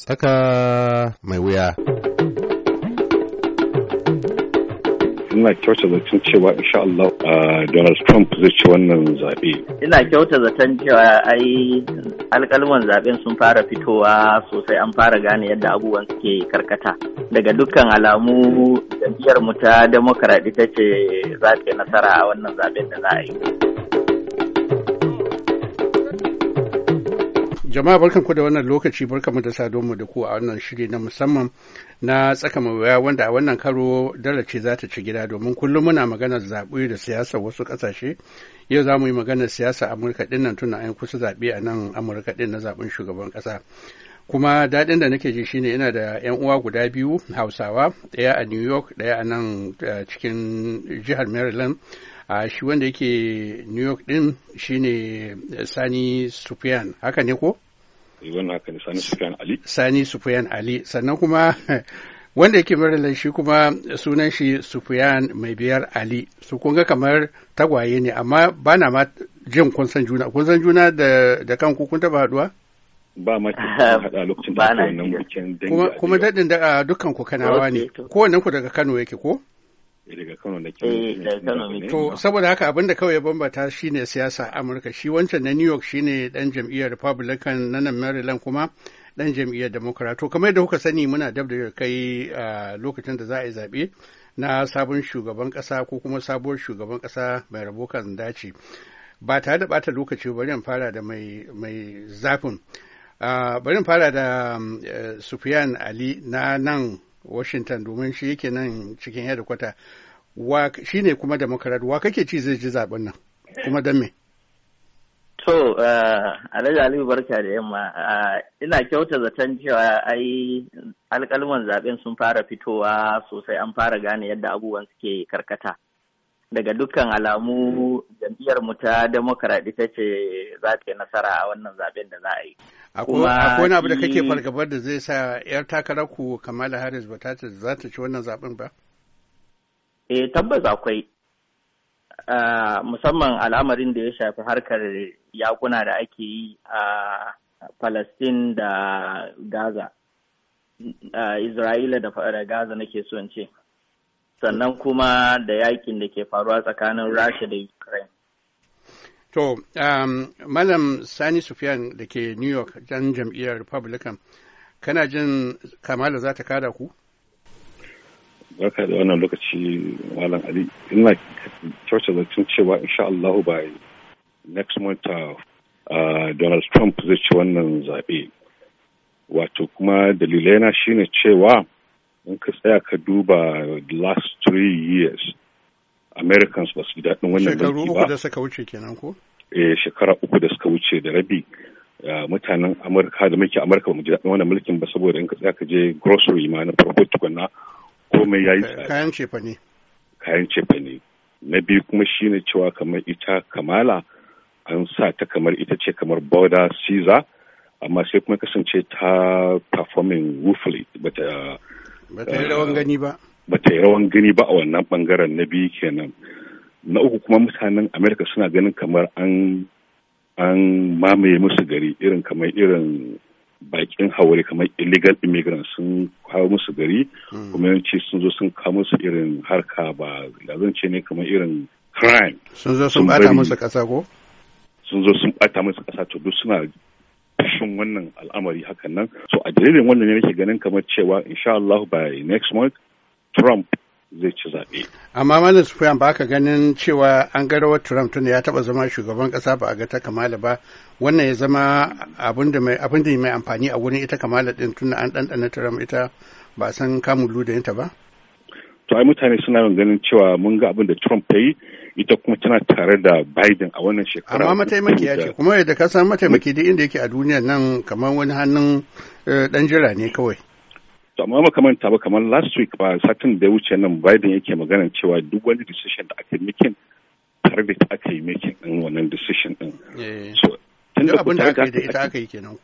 Saka mai wuya. ina kyauta zaton cewa insha Allah uh, Donald Trump zai ci wannan zaɓe. Ina kyauta zaton cewa ai alƙalman zaɓen sun fara fitowa sosai an fara gane yadda abubuwan suke karkata. Daga dukkan alamu biyar mu ta Democrat ita ce za ta nasara a wannan zaɓen da za a yi. Jama'a barkan ku da wannan lokaci barkan mu da sado mu da ku a wannan shiri na musamman na tsaka mai wuya wanda a wannan karo dala ce za ta ci gida domin kullum muna maganar zaɓe da siyasa wasu ƙasashe yau za mu yi maganar siyasa Amurka ɗin nan tuna an kusa zaɓe a nan Amurka ɗin na zaɓen shugaban ƙasa. kuma daɗin da nake ji shine ina da 'yan uwa guda biyu hausawa ɗaya a new york ɗaya a nan eh, cikin jihar maryland a shi wanda yake new york ɗin shine sani sufiyan haka ne ko? haka sani sufyan ali sani sufyan ali sannan kuma wanda yake maryland shi kuma sunan shi sufyan mai biyar ali su kun ga kamar tagwaye ne amma ba na ma jin kun san juna kun san juna da da kanku kun taba haduwa ba ma hada lokacin da wannan bikin dangi kuma dadin da dukkan ku kanawa ne kowannen ku daga Kano yake ko daga eh, To saboda haka abin da kawai ya bambata shine siyasa Amurka shi wancan na New York shine ɗan jam'iyyar Republican na nan Maryland kuma ɗan jam'iyyar Democrat. To kamar yadda kuka sani muna dab da kai lokacin da za a yi zaɓe na sabon shugaban ƙasa ko kuma sabuwar shugaban ƙasa mai rabo kan dace. Ba tare da ɓata lokaci bari in fara da mai zafin. bari in fara da mm, eh, sufiyan Ali na nan washington domin shi yake nan cikin hedikwata shi ne kuma democrat wa kake ci zai ji zaben nan kuma don me to eh, alhaji aliyu barka da yamma eh, ina kyauta zaton cewa ai alkalman zaben sun fara fitowa sosai an fara gane yadda abubuwan suke karkata daga dukkan alamu jam'iyyar mu ta democrat ita ce za ta yi nasara a wannan zaben da za a yi. Akwai wani abu da kake fargabar da zai sa 'yar takarar ku Kamala Harris ba ta za ta ci wannan zaben ba? Eh tabbas akwai. Ah, musamman al'amarin da ya shafi harkar yakuna da ake yi a Falastin da Gaza. Ah, Isra'ila da Gaza nake so in ce. sannan kuma da yakin da ke faruwa tsakanin Rasha da Ukraine. To, um, Malam Sani Sufyan da ke New York dan jam'iyyar Republican, kana jin kamala za ta kada ku? Barka da wannan lokaci Malam Ali, ina kyauta zancen cewa insha Allah by next month uh, uh, Donald Trump zai ci wannan zaɓe. Wato kuma dalilai na shine cewa in ka tsaya ka duba last three years americans ba su ji daɗin wannan mulki ba shekaru uku da suka wuce kenan ko eh shekara uku da suka wuce da rabi mutanen amurka da muke amurka ba mu ji daɗin wannan mulkin ba saboda in ka tsaya ka je grocery ma na farko tukunna komai yayi kayan cefa ne kayan cefa ne na biyu kuma shine cewa kamar ita kamala an sa ta kamar ita ce kamar border caesar amma sai kuma kasance ta performing woefully bata ba ta yi rawan gani ba ba ta yi rawan gani ba a wannan bangaren na biyu kenan na uku kuma mutanen amerika suna ganin kamar an an mamaye musu gari irin kamar irin bakin haure kamar illegal immigrants sun kawo musu gari hmm. kuma yanci sun zo sun kawo musu irin harka ba lazance ne kamar irin crime sun zo sun bata musu kasa ko sun zo sun bata musu kasa to duk suna shin wannan al'amari hakan nan so a dalilin wannan ne nake ganin kamar cewa insha Allah by next month Trump zai ci zaɓe. Amma Malam Sufiyan ba ka ganin cewa an garawa Trump tun ya taɓa zama shugaban ƙasa ba a ga ta Kamala ba wannan ya zama abin da mai amfani a wurin ita Kamala din tun an ɗanɗana Trump ita ba a san kamun ludayinta ba? To ai mutane suna yin ganin cewa mun ga abin da Trump ta yi ita kuma tana tare da Biden a wannan shekara. Amma mataimaki ya ce kuma yadda ka san mataimaki duk inda yake a duniya nan kamar wani hannun dan eh, jira ne kawai. To amma makamanta ba kamar last week ba satin da ya wuce nan Biden yake magana cewa duk wani decision da aka yi eh. tare da ita aka yi making din wannan decision din. So tun da abin da aka yi da ita aka yi kenan.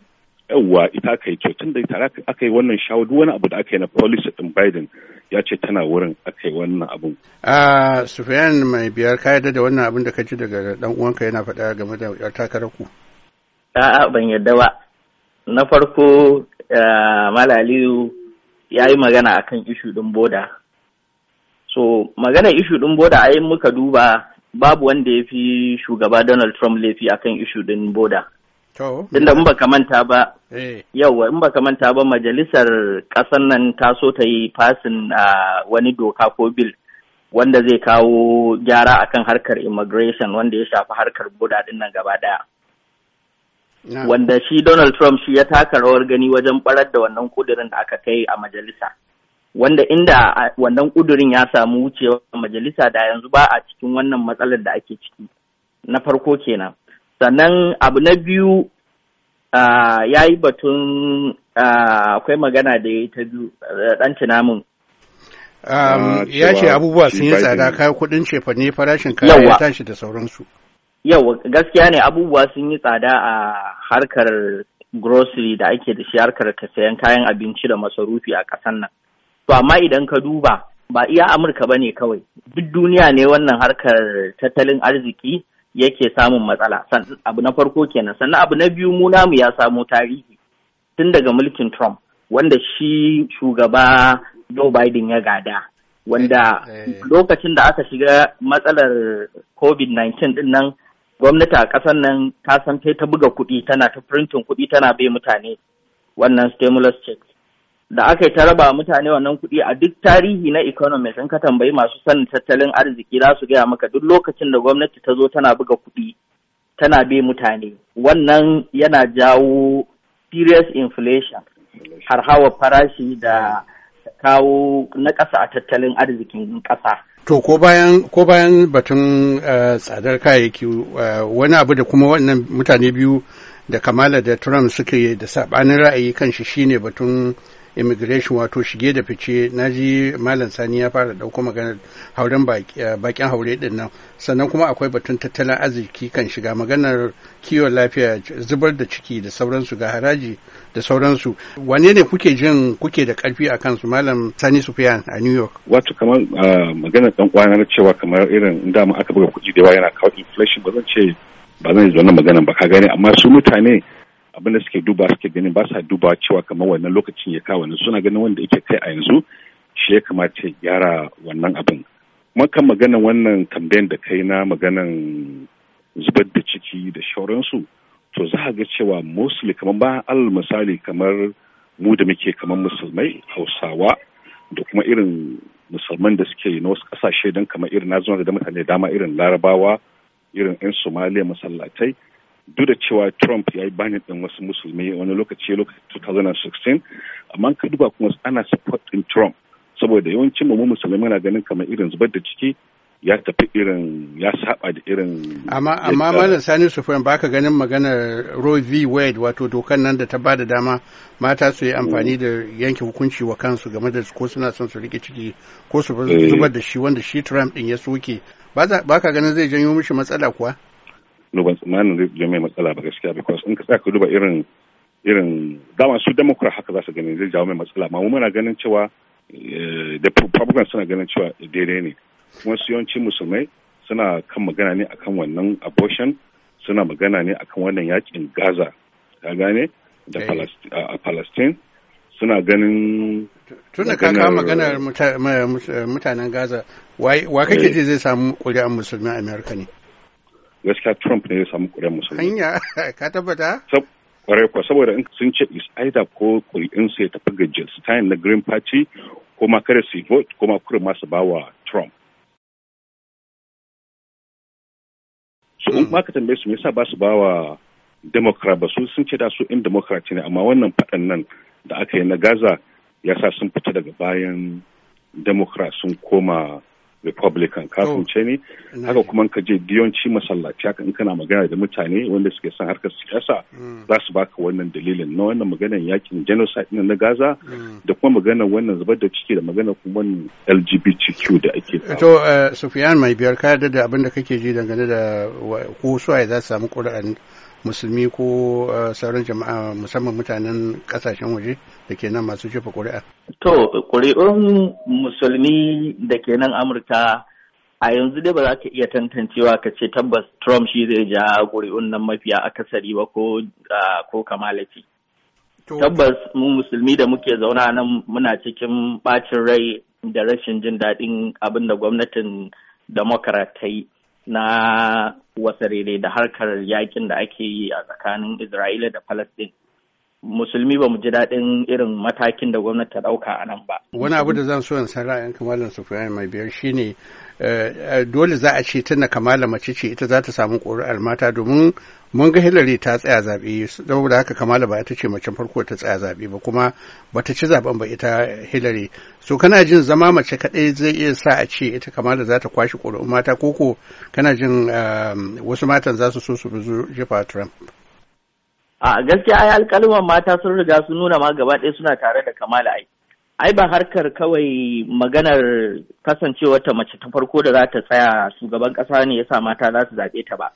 Yawwa ita aka yi to tun da ita aka yi wannan shawo duk wani abu da aka yi na policy din Biden ya ce tana wurin aka yi wannan abun. a sufiyan mai biyar ka yarda da wannan abin da ka ji daga dan uwanka yana faɗa game da yar takarar ku. a'a ban yarda ba na farko malaliyu ya yi magana akan ishu ɗin boda so magana ishu ɗin boda a yi muka duba babu wanda ya fi shugaba donald trump laifi akan ishu ɗin boda Tunda in baka manta ba, eh. yauwa in baka manta ba majalisar ƙasar nan ta so ta yi fasin a wani doka ko bil wanda zai kawo gyara akan harkar immigration wanda ya shafi harkar budadin nan gaba ɗaya. Wanda shi Donald Trump shi ya taka rawar gani wajen barar da wannan kudirin da aka kai a majalisa. Wanda inda wannan kudirin ya samu wucewa majalisa da yanzu ba a cikin wannan matsalar da ake ciki. Na farko kenan. sannan abu na biyu ya yi batun akwai magana da ya yi ta biyu ɗan tunamin ah, ya ce abubuwa sun yi tsada kayan kuɗin cefane farashin kaya ya tashi da sauransu yau gaskiya ne abubuwa sun yi tsada a harkar grocery da ake da shi harkar ka kayan abinci da masarufi a ƙasan nan to amma idan ka duba ba iya amurka ba ne kawai duk duniya ne wannan harkar tattalin arziki yake samun matsala abu na farko kenan sannan abu na biyu mu namu ya samo tarihi tun daga mulkin Trump wanda shi shugaba Joe Biden ya gada wanda eh. lokacin da aka shiga matsalar COVID-19 din nan gwamnati a ƙasar nan ta san ta buga kuɗi tana ta printin kuɗi tana bai mutane wannan stimulus check da aka yi ta raba mutane wannan kuɗi a duk tarihi na economist in ka tambayi masu sanin tattalin arziki za su gaya maka duk lokacin da gwamnati ta zo tana buga kuɗi tana bi mutane wannan yana jawo serious inflation har hawa farashi da kawo na ƙasa a tattalin arzikin ƙasa. To ko bayan ko bayan batun eh, tsadar kayayyaki eh, wani abu da kuma wannan mutane biyu da Kamala da Trump suke da sabanin ra'ayi kan shi shine batun immigration wato shige da fice na ji malam sani ya fara dauko maganar hauren eh, bakin haure din nan sannan kuma akwai batun tattalin arziki kan shiga maganar kiwon lafiya zubar da ciki da sauransu ga haraji da sauransu wane ne kuke jin kuke da karfi a kansu malam sani sufiyan a new york wato kamar ah, maganar dan kwana na cewa kamar irin dama aka buga kuɗi da yawa yana kawo inflation ba zan ce ba zan yi wannan maganar ba ka gani amma su mutane abin da suke duba suke ganin ba sa duba cewa kamar wannan lokacin ya kawo wannan suna ganin wanda yake kai a yanzu shi ya kamata ya gyara wannan abin makan maganan wannan kamben da kai na maganan zubar da ciki da shauransu to za ga cewa mostly kamar ba al misali kamar mu da muke kamar musulmai hausawa da kuma irin musulman da suke yi na wasu kasashe don kamar irin na zuwa da mutane dama irin larabawa irin 'yan somaliya masallatai duk da cewa Trump ya yi bani ɗin wasu musulmi wani lokaci lokacin 2016 amma ka duba kuma ana support in Trump saboda yawancin mu musulmi muna ganin kamar irin zubar da ciki ya tafi irin ya saba da irin amma amma malam Sani Sufyan baka ganin maganar Roe v Wade wato dokan nan da ta bada dama mata su yi amfani da yanke hukunci wa kansu game da ko suna son su rike ciki ko su eh. zubar da shi wanda shi Trump din ya soke baka ganin zai janyo mishi matsala kuwa no tsammanin zai mai matsala ba gaskiya because in ka tsaya ka duba irin irin dama su democrat haka za su gani zai jawo mai matsala amma muna ganin cewa eh, da republican suna ganin cewa daidai ne kuma su yawanci musulmai suna kan magana ne akan wannan abortion suna magana ne akan wannan yakin gaza ka gane da eh. a palestine suna ganin da ka kawo maganar mutanen gaza wa kake eh. ji zai samu kuri'an musulmi a amerika ne gaskiya Trump ne ya samu ƙuri'ar musulmi. Hanya ka tabbata? Kwarai kuwa saboda in sun ce is either ko ƙuri'insu ya tafi ga Jill Stein na Green Party ko ma kare su vote ko ma kuma masu ba wa Trump. So in ma ka tambaye su me yasa ba su ba wa Democrat ba su sun ce da su in Democrat ne amma wannan faɗan nan da aka yi na Gaza ya sa sun fita daga bayan Democrat sun koma republican ka fahimce oh. ne haka kuma ka je diyonci masallaci haka in kana magana da mutane wanda suke son harkar siyasa hmm. za su baka wannan dalilin na wannan maganar yakin genocide na gaza hmm. da kuma maganar wannan zubar da ciki da maganar kuma lgbtq da ake to eh, sufiyan mai biyar ka da abin da kake ji dangane da ko suwaye za su samu ƙuri'an musulmi ko uh, sauran jama'a musamman mutanen kasashen waje da ke nan masu jefa ƙuri'a? To, ƙuri'un musulmi da ke nan Amurka a yanzu dai ba za ka iya tantancewa ka ce tabbas Trump shi zai ja ƙuri'un nan mafiya a kasari ba ko uh, ko kamalaki. Tabbas mu musulmi da muke zauna nan muna cikin bacin rai da rashin jin daɗin abin da gwamnatin Democrat ta yi na wasarere da harkar yakin da ake yi a tsakanin Isra'ila da Falasɗin. musulmi ba mu ji daɗin irin matakin da gwamnati ta ɗauka a nan ba. Wani abu da zan so in san ra'ayin kamalan Sufyan mai biyar shi ne eh, dole za a ce tana kamala mace ce ita za ta samu ƙuri'ar mata domin mun ga Hillary ta tsaya zaɓe saboda haka kamala ba ita ce macen farko ta tsaya zaɓe ba kuma ba ta ci zaɓen ba ita Hillary. So kana jin zama mace kaɗai zai iya sa a ce ita kamala za ta kwashe ƙuri'un mata koko kana jin eh, wasu matan za su so su jefa Trump. a gaskiya ai alƙaluman mata sun riga sun nuna ma gaba ɗaya suna tare da kamala ai ai ba harkar kawai maganar kasancewar ta mace ta farko da za ta tsaya shugaban ƙasa ne yasa mata za su zaɓe ta ba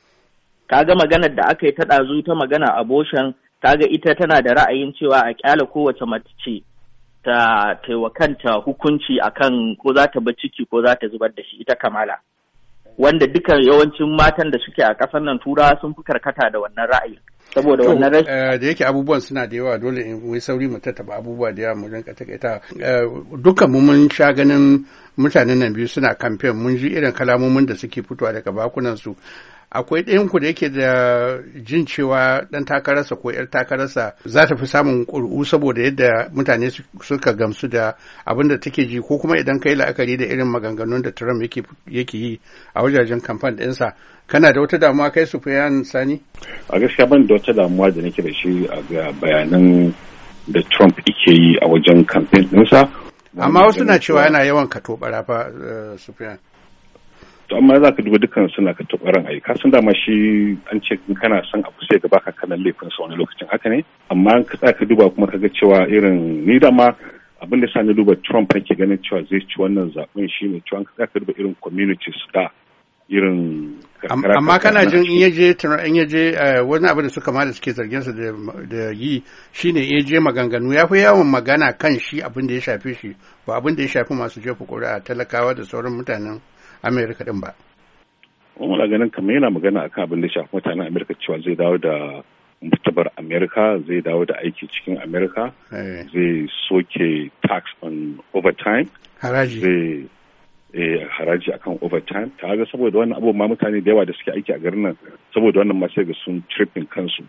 kaga maganar da aka yi ta ɗazu ta magana a ta ga ita tana da ra'ayin cewa a kyala kowace mace ta taiwakanta hukunci akan ko za ta bar ciki ko za ta zubar da shi ita kamala wanda dukan yawancin matan da suke a ƙasar nan turawa sun fi karkata da wannan ra'ayin saboda wannan rashin eh, da yake abubuwan suna da yawa dole in wai sauri mu tattaba abubuwa da yawa mu rinka takaita eh, dukkan mu mun sha ganin mutanen nan biyu suna kamfen mun ji irin kalamomin da suke fitowa daga bakunan su akwai ɗayan ku da yake da jin cewa ɗan takararsa ko 'yar takararsa za ta fi samun ƙuri'u saboda yadda mutane suka gamsu da abin da take ji ko kuma idan kai la'akari da irin maganganun da Trump yake yi a wajajen kamfan ɗinsa kana da wata damuwa kai su sani a gaskiya ban da wata damuwa da nake da shi a bayanan da Trump yake yi a wajen kamfen ɗinsa amma wasu na cewa yana yawan katobara fa eh, sufiyan. to amma za ka duba dukkan suna ka tubaran ayi ka san dama shi an ce kana son abu kusa ka baka kanan laifin sa wani lokacin haka ne amma ka tsaya ka duba kuma ka ga cewa irin ni dama abin da sa duba Trump yake ganin cewa zai ci wannan zaɓen shi ne cewa ka tsaya ka duba irin communities da irin amma kana jin in yaje in yaje eh, wani abin da suka ma da suke zargin sa da yi shine in yaje maganganu ya fi yawan magana kan shi abin da ya shafe shi ba abin da ya shafi masu jefa kuri'a talakawa da sauran mutanen amerika din ba muna ganin kamar yana magana akan abin da shafi mutanen amerika cewa zai dawo da mutabar amerika zai dawo da aiki cikin amerika eh. zai soke tax on overtime haraji eh, haraji akan overtime ta ga saboda wannan abubuwa mutane da yawa da suke aiki a garin nan saboda wannan masu ga sun tripping kansu.